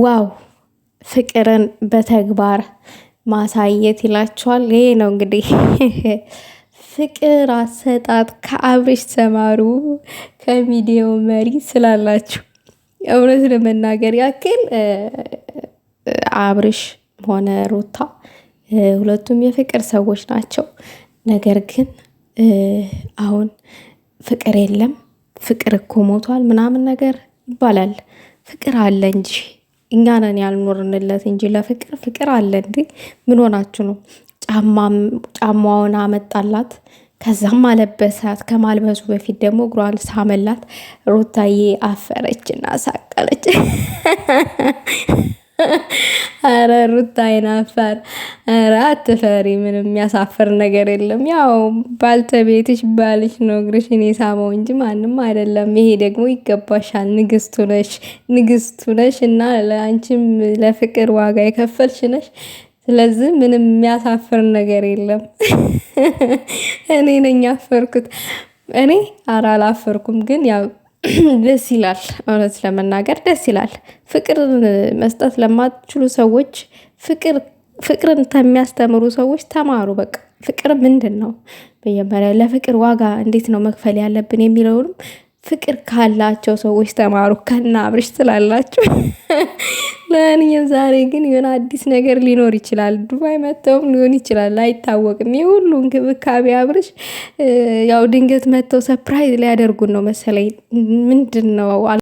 ዋው ፍቅርን በተግባር ማሳየት ይላቸዋል። ይሄ ነው እንግዲህ ፍቅር አሰጣጥ ከአብርሽ ተማሩ። ከሚዲዮ መሪ ስላላችሁ እውነት ለመናገር ያክል አብርሽ ሆነ ሩታ ሁለቱም የፍቅር ሰዎች ናቸው። ነገር ግን አሁን ፍቅር የለም ፍቅር እኮ ሞቷል ምናምን ነገር ይባላል። ፍቅር አለ እንጂ እኛ ነን ያልኖርንለት እንጂ ለፍቅር ፍቅር አለ እንዴ? ምን ሆናችሁ ነው? ጫማውን አመጣላት፣ ከዛም አለበሳት። ከማልበሱ በፊት ደግሞ እግሯን ሳመላት። ሩታዬ እና ሳቀለች። ኧረ ሩታ አይናፋር፣ አረ አትፈሪ፣ ምንም የሚያሳፍር ነገር የለም። ያው ባልተቤትሽ ባልሽ ነው እኔ ሳመው እንጂ ማንም አይደለም። ይሄ ደግሞ ይገባሻል። ንግስቱ ነሽ፣ ንግስቱ ነሽ እና ለአንቺም ለፍቅር ዋጋ የከፈልሽ ነሽ። ስለዚህ ምንም የሚያሳፍር ነገር የለም። እኔ ነኝ ያፈርኩት። እኔ አላፈርኩም ግን ያው ደስ ይላል። እውነት ለመናገር ደስ ይላል። ፍቅር መስጠት ለማትችሉ ሰዎች ፍቅር ፍቅርን ከሚያስተምሩ ሰዎች ተማሩ። በቃ ፍቅር ምንድን ነው? መጀመሪያ ለፍቅር ዋጋ እንዴት ነው መክፈል ያለብን የሚለውንም ፍቅር ካላቸው ሰዎች ተማሩ። ከና አብርሽ ስላላቸው ለማንኛውም ዛሬ ግን የሆነ አዲስ ነገር ሊኖር ይችላል። ዱባይ መጥተውም ሊሆን ይችላል አይታወቅም። ይህ ሁሉ እንክብካቤ አብርሽ ያው ድንገት መጥተው ሰፕራይዝ ሊያደርጉን ነው መሰለኝ። ምንድን ነው